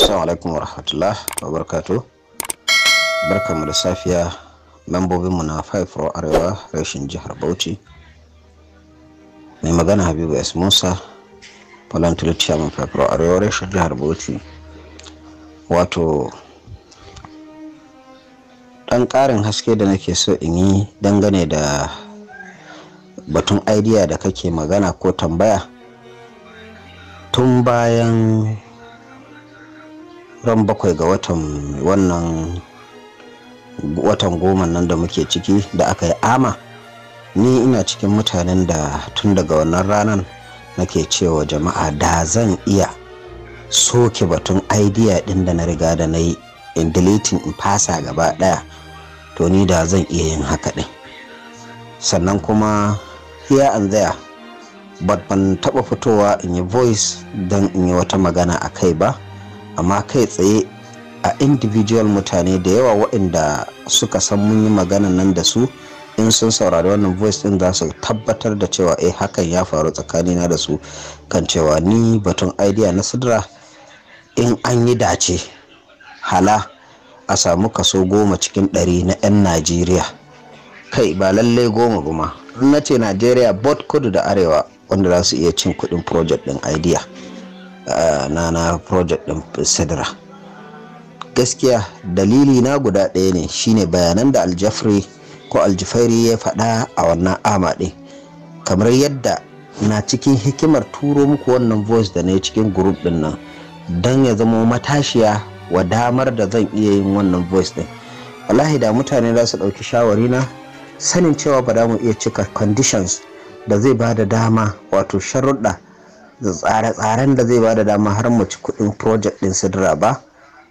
Assalamu alaikum warahmatullah wabarakatuh. Barkanmu da safiya membobinmu na 5 Arewa rashin jihar Bauchi. Mai magana Habibu S. Musa, volunteer Chairman 5 Arewa rashin jihar Bauchi. Wato, dan karin haske da nake so in yi dangane da batun idea da kake magana ko tambaya tun bayan ran bakwai ga watan wannan watan goma nan da muke ciki da aka yi ama ni ina cikin mutanen da tun daga wannan ranar nake cewa jama'a da zan iya soke batun idea din da na riga da na yi in deleting in fasa gaba daya to ni da zan iya yin haka din sannan kuma here and there but ban taba fitowa in yi voice don in yi wata magana a kai ba amma kai tsaye a individual mutane da yawa waɗanda suka san mun yi magana nan da su in sun saurari wannan voice din za su tabbatar da cewa eh hakan ya faru tsakanina da su kan cewa ni batun idea na sidra in an yi dace hala a samu kaso goma cikin ɗari na 'yan najeriya kai ba lallai goma goma na ce najeriya bot kudu da arewa wanda za su iya cin kuɗin project ɗin idea Eh, na na project din sidra gaskiya dalili na guda ɗaya ne shine bayanan da aljafri ko aljifairi ya faɗa a wannan ama kamar yadda na cikin hikimar turo muku wannan voice da na yi cikin group din nan don ya zama matashiya wa damar da zan iya yin wannan voice ɗin wallahi da mutane za su ɗauki shawari na sanin cewa ba da mu iya cika conditions da zai ba da dama wato sharuɗa da tsare-tsaren da zai ba da dama har mu ci kuɗin project ɗin sidra ba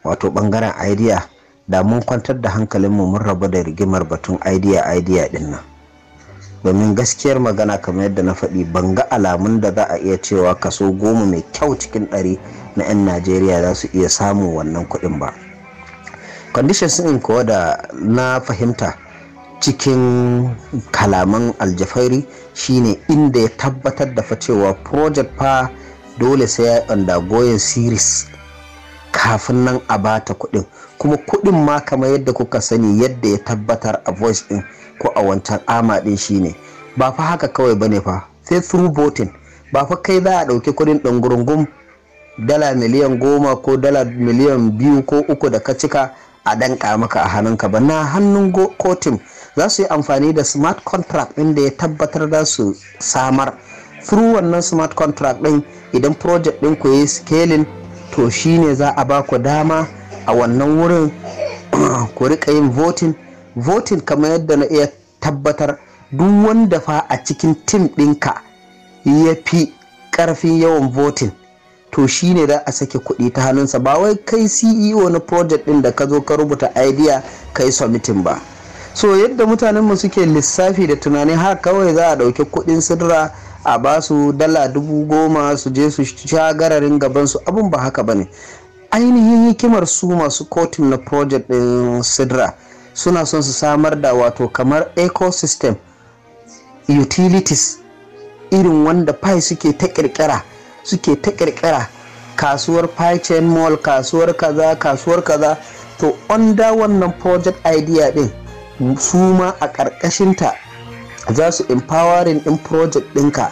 wato ɓangaren idea da mun kwantar da hankalinmu mun rabu da rigimar batun idea idea ɗin nan domin gaskiyar magana kamar yadda na faɗi ban ga alamun da za a iya cewa kaso goma mai kyau cikin ɗari na 'yan najeriya za su iya samun wannan kuɗin ba conditions ɗin kuwa da na fahimta cikin kalaman aljafairi shine inda ya tabbatar da cewa project fa dole sai ya goyon series kafin nan a bata kuɗin kuma kuɗin ma kamar yadda kuka sani yadda ya tabbatar a voice ɗin ko a wancan ama ɗin shine ba fa haka kawai bane fa sai through voting ba fa kai za a ɗauki kuɗin ɗungurungun dala miliyan goma ko dala miliyan biyu ko uku da ka cika a danƙa maka a hannunka ba na hannun kotun za su yi amfani da smart contract ɗin da ya tabbatar da su samar through wannan smart contract ɗin idan project ɗin ku yi scaling to shine za a ba ku dama a wannan wurin ku rika yin voting voting kamar yadda na iya tabbatar duk wanda fa a cikin tim ɗinka ya fi ƙarfin yawan voting to shine za a sake kuɗi ta hannunsa ba wai kai ceo na project ɗin da ka zo ka rubuta idea kai submitting ba so yadda mutanen mu suke lissafi da tunani har kawai za a ɗauki kuɗin sidra a ba su dala dubu goma su je su sha gararin gaban su abun ba haka bane ainihin hikimar su masu kotun na project ɗin sidra suna son su samar da wato kamar ecosystem utilities irin wanda pi suke ta kirkira suke ta kirkira kasuwar pi chain mall kasuwar kaza kasuwar kaza to under wannan project idea din su ma a ƙarƙashinta za su empowering ɗin project ɗinka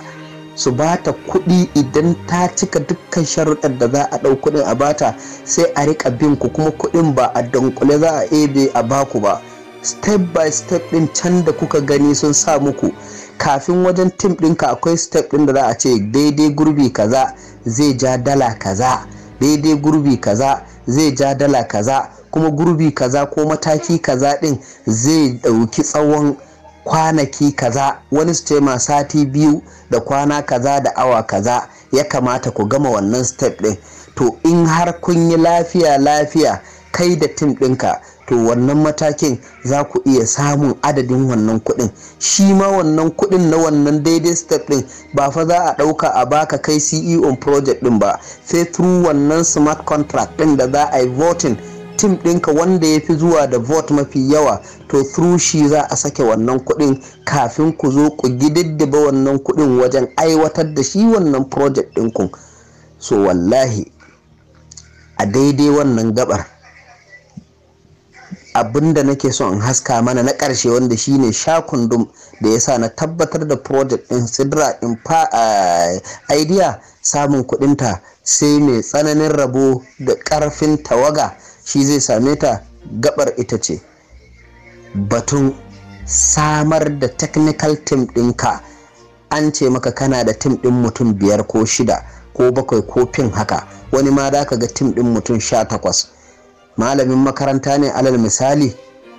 su bata kuɗi idan ta cika dukkan sharuɗar da za a ɗau kuɗin a bata sai a riƙa bin ku kuma kuɗin ba a dunkule za a ebe a baku ba step by step ɗin can da kuka gani sun sa muku kafin wajen tim ɗinka akwai step ɗin da za a ce daidai gurbi kaza zai ja dala kaza daidai gurbi kaza zai ja dala kaza kuma gurbi kaza ko mataki kaza din zai ɗauki tsawon kwanaki kaza wani su ma sati biyu da kwana kaza da awa kaza ya kamata ku gama wannan step din to in har kun yi lafiya lafiya kai da tim ɗinka to wannan matakin za ku iya samun adadin wannan kuɗin shi ma wannan kuɗin na wannan daidai step ɗin ba fa za a ɗauka a baka kai ceo project ɗin ba sai through wannan smart contract ɗin da za a yi voting tim ɗinka wanda ya fi zuwa da vote mafi yawa to through shi za a sake wannan kuɗin kafin ku zo ku gididdiba wannan kuɗin wajen aiwatar da shi wannan project ɗinku so wallahi a daidai wannan gabar abinda nake so in haska mana na ƙarshe wanda shine kundum da ya sa na tabbatar da project ɗin sidra in fa idea samun kuɗinta sai mai tsananin rabo da ƙarfin tawaga shi zai same ta gabar ita ce batun samar da technical team ɗinka an ce maka kana da tim ɗin mutum biyar ko shida ko bakwai ko fin haka wani ma da ka ga tim ɗin mutum sha takwas malamin makaranta ne alal misali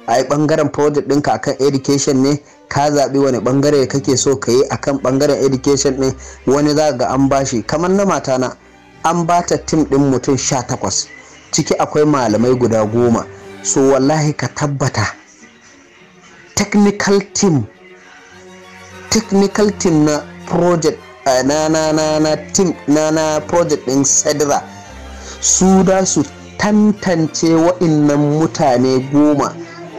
a yi ɓangaren project ɗinka akan education ne ka zaɓi wani ɓangare kake so ka yi akan ɓangaren education ɗin wani za ga an bashi kamar na matana an ba ta tim ɗin mutum sha takwas ciki akwai malamai guda goma so wallahi ka tabbata technical team technical team na project eh, na na na na team na na project din su da su tantance wa'innan mutane goma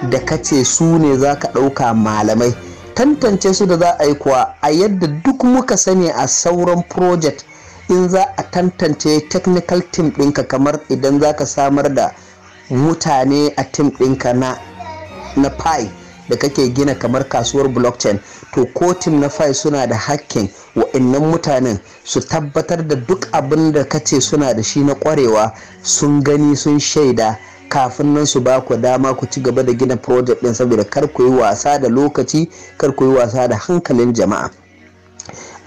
da kace su ne za ka ɗauka malamai tantance su da za a yi kuwa a yadda duk muka sani a sauran project in za a tantance technical team ɗinka kamar idan za ka samar da mutane a team ɗinka na na pi da kake gina kamar kasuwar blockchain to ko team na pi suna da hakkin wa'annan mutanen su tabbatar da duk abin da ce suna da shi na kwarewa sun gani sun shaida kafin nan su ba ku dama ku ci gaba da gina project ɗin saboda kar ku yi wasa da lokaci kar ku yi wasa da hankalin jama'a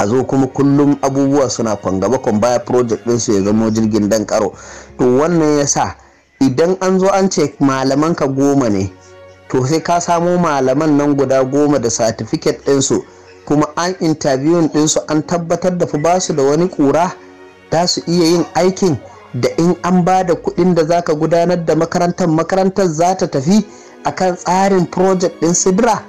a zo kuma kullum abubuwa suna kwangaba kwan baya project ɗinsu ya zamo jirgin dan karo to wannan ya sa idan an zo an ce malaman ka goma ne to sai ka samo malaman nan guda goma da satifiket ɗinsu kuma an intabiyun ɗinsu an tabbatar da fi ba su da wani ƙura za su iya yin aikin da in an ba da kuɗin da za ka gudanar da makarantar makarantar za ta tafi akan tsarin project ɗin sidra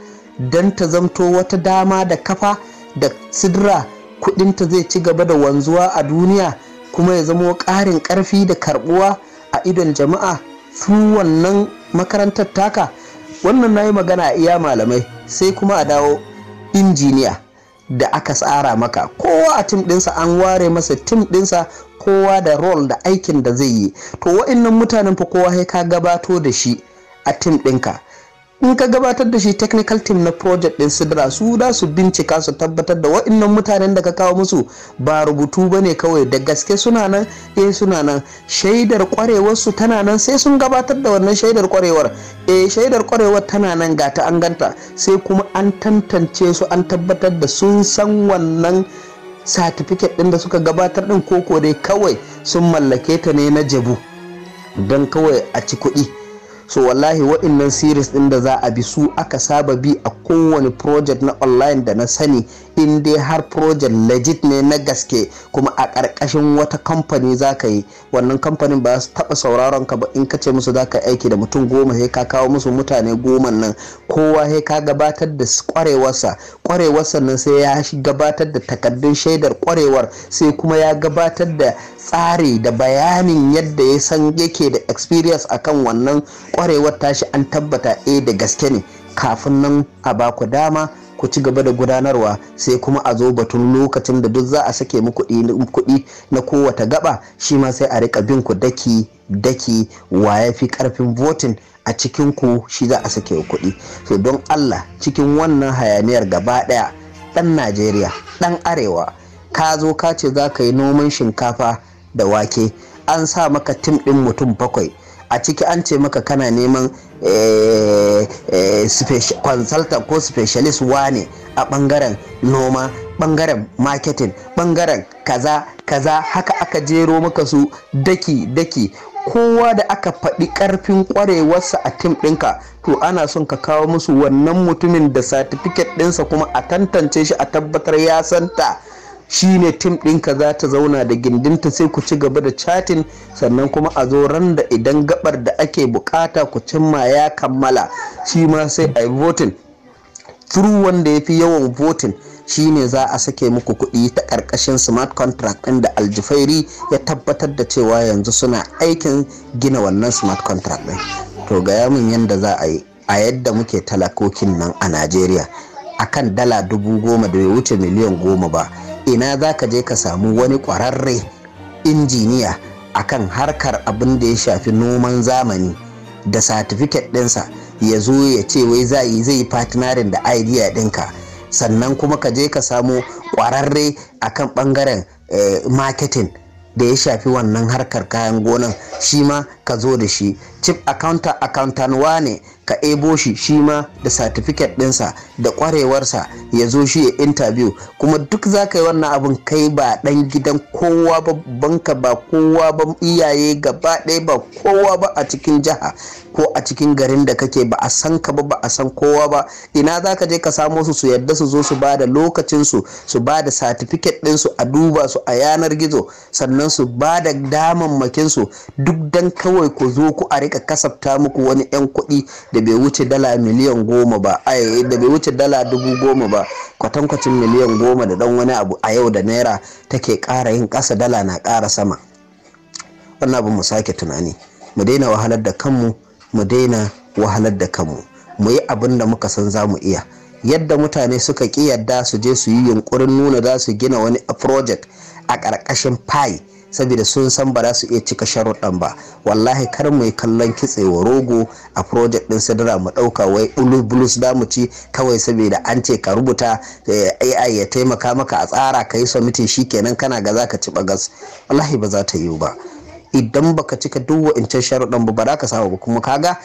don ta zamto wata dama da kafa da sidra kudinta zai ci gaba da wanzuwa a duniya kuma ya zamo ƙarin karfi da karbuwa a idon jama'a su wannan makarantar taka wannan na yi magana iya malamai sai kuma a dawo injiniya da aka tsara maka kowa a tim ɗinsa an ware masa tim ɗinsa kowa da rol da aikin da zai yi to wa'innan mutanen fa kowa ya ka gabato da shi a tim ɗinka in ka gabatar da shi technical team na project din sidra su da su bincika su tabbatar da wa'annan mutanen da ka kawo musu ba rubutu ba ne kawai da gaske suna nan eh suna nan shaidar kwarewar su tana nan sai sun gabatar da wannan shaidar kwarewar eh shaidar kwarewar tana nan ga ta an ganta sai kuma an tantance su an tabbatar da sun san wannan satifiket din da suka gabatar din koko dai kawai sun mallake ta ne na jabu don kawai a ci kuɗi so wallahi waɗannan series ɗin da za a bi su aka saba bi a kowane project na online da na sani in dai har project legit ne na gaske kuma a ƙarƙashin wata kamfani za ka yi wannan kamfanin ba su taɓa sauraron ka ba in ka ce musu za ka aiki da mutum goma sai ka kawo musu mutane goma nan kowa sai ka gabatar da kwarewarsa kwarewarsa nan sai ya gabatar da takardun shaidar kwarewar sai kuma ya gabatar da tsari da bayanin yadda ya san yake da experience akan wannan kwarewar tashi an tabbata eh da gaske ne kafin nan a ba ku dama ku ci gaba da gudanarwa sai kuma a zo batun lokacin da duk za a sake muku kuɗi na kowace gaba shi ma sai a rika bin ku daki daki wa ya fi karfin votin a cikin ku shi za a sake kuɗi so don allah cikin wannan hayaniyar gaba ɗaya ɗan najeriya ɗan arewa ka zo ka ce za ka yi noman shinkafa da wake an sa maka tim ɗin mutum bakwai a ciki an ce maka kana neman eh, eh, consultant ko specialist wane a bangaren noma bangaren marketing bangaren kaza kaza haka aka jero maka su daki daki kowa da aka faɗi ƙarfin ƙwarewarsa a tim ɗinka to ana son ka kawo musu wannan mutumin da satifiket ɗinsa kuma a tantance shi a tabbatar ya santa Shi ne tim ɗinka za ta zauna da gindinta sai ku ci gaba da chatin sannan kuma a zo ran da idan gabar da ake bukata ku cimma ya kammala shi ma sai a votin through wanda ya fi yawan votin shi ne za a sake muku kuɗi ta ƙarƙashin smart contract ɗin da aljifairi ya tabbatar da cewa yanzu suna aikin gina wannan smart contract ɗin to gaya min yadda za a yi a yadda muke talakokin nan a najeriya akan dala dubu goma da bai wuce miliyan goma ba ina za ka je ka samu wani ƙwararre injiniya akan harkar abin da ya shafi noman zamani da satifiket ɗinsa ya zo ya ce wai za yi zai da idea ɗinka sannan kuma ka je ka samu ƙwararre akan ɓangaren eh, marketing da ya shafi wannan harkar kayan gonan shi ma ka zo da shi chief accountant accountant ne ka ebo shi shi ma da certificate dinsa da kwarewarsa ya zo shi ya interview kuma duk za ka yi wannan abin kai ba ɗan gidan kowa ba banka ba kowa ba iyaye gaba ɗaya ba kowa ba a cikin jiha ko a cikin garin da kake ba a san ka ba ba a san kowa ba ina za ka je ka samo su su yadda su zo su ba da lokacinsu su ba da certificate ɗinsu a duba su a yanar gizo sannan su ba da damammakinsu duk dan kawai kawai ku zo ku a rika kasafta muku wani 'yan kuɗi da bai wuce dala miliyan goma ba da bai wuce dala dubu goma ba kwatankwacin miliyan goma da dan wani abu a yau da naira take ƙara yin ƙasa dala na ƙara sama wannan abu mu sake tunani mu daina wahalar da kanmu mu daina wahalar da kanmu mu yi abin da muka san za mu iya yadda mutane suka ƙi yadda su je su yi yunkurin nuna za su gina wani project a ƙarƙashin pie saboda sun san ba za su iya cika sharuɗan ba wallahi kar mu yi kallon kitsewa rogo a project ɗin sadara mu ɗauka wai blues da mu ci kawai saboda an ce ka rubuta eh, ai ya taimaka maka a tsara ka yi shi kenan kana ga za ka ci bagas wallahi ba za ta yiwu ba idan baka cika duk wa'incan sharuɗan ba ba za ka samu ba kuma ga?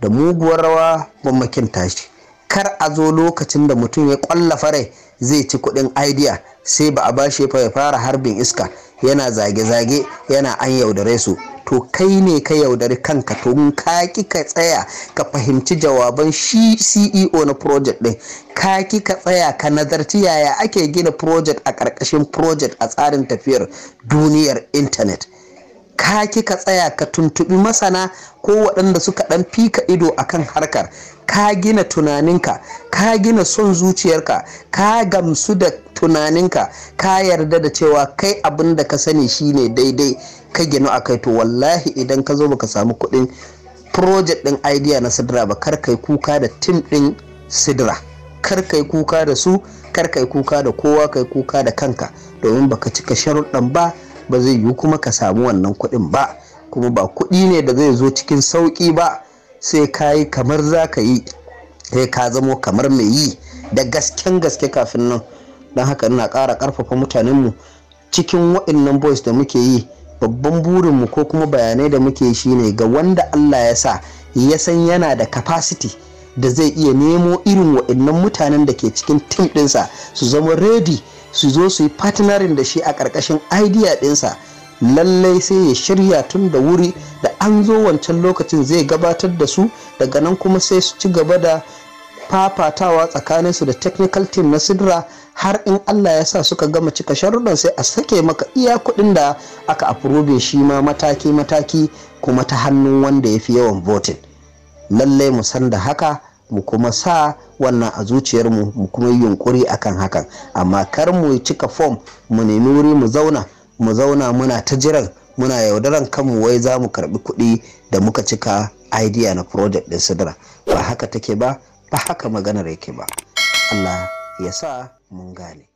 da muguwar rawa ban makin tashi kar a zo lokacin da mutum ya ƙwallafa rai zai ci kuɗin idea sai ba a bashi fa ya fara harbin iska yana zage-zage yana an yaudare su to kai ne ka yaudari kanka to mun ka ki tsaya ka fahimci jawaban shi CEO na project ɗin ka kika tsaya ka nazarci yaya ake gina project a ƙarƙashin project a tsarin tafiyar duniyar intanet ka kika tsaya ka tuntubi masana ko waɗanda suka ɗan fika ido a kan harkar ka gina tunaninka ka gina son zuciyarka ka gamsu da tunaninka ka yarda da cewa kai abin da ka sani shine daidai ka gina a kai to wallahi idan ka zo baka samu kuɗin project ɗin idea na sidra ba kar kai kuka da tim ɗin sidra kar kai kuka da su kar kai kuka da kowa kai kuka da kanka domin baka cika sharuɗan ba ba zai yiwu kuma ka samu wannan kuɗin ba kuma ba kuɗi ne da zai zo cikin sauƙi ba sai ka yi kamar za ka yi sai ka zamo kamar mai yi da gasken gaske kafin nan don haka ina ƙara ƙarfafa mutanenmu cikin waɗannan boys da muke yi babban burinmu ko kuma bayanai da muke shine ga wanda allah ya sa ya san yana da capacity da zai iya nemo irin waɗannan mutanen da ke cikin tim ɗinsa su zama ready su zo su yi partnerin da shi a ƙarƙashin idea ɗinsa lallai sai ya shirya tun da wuri da an zo wancan lokacin zai gabatar da su daga nan kuma sai su ci gaba da fafatawa tsakaninsu da technical team na sidra har in allah ya sa suka gama cika sharuɗan sai a sake maka iya kuɗin da aka aprobe shi ma mataki-mataki kuma ta hannun wanda ya fi yawan voting lallai mu san da haka mu kuma sa wannan a zuciyarmu mu kuma yi yunkuri akan hakan amma kar mu cika fom mu nemi wuri mu zauna mu zauna muna ta jiran muna yaudaran kanmu wai za mu karbi kuɗi da muka cika idea na project ɗin sidra ba haka take ba ba haka maganar yake ba allah ya sa mun gane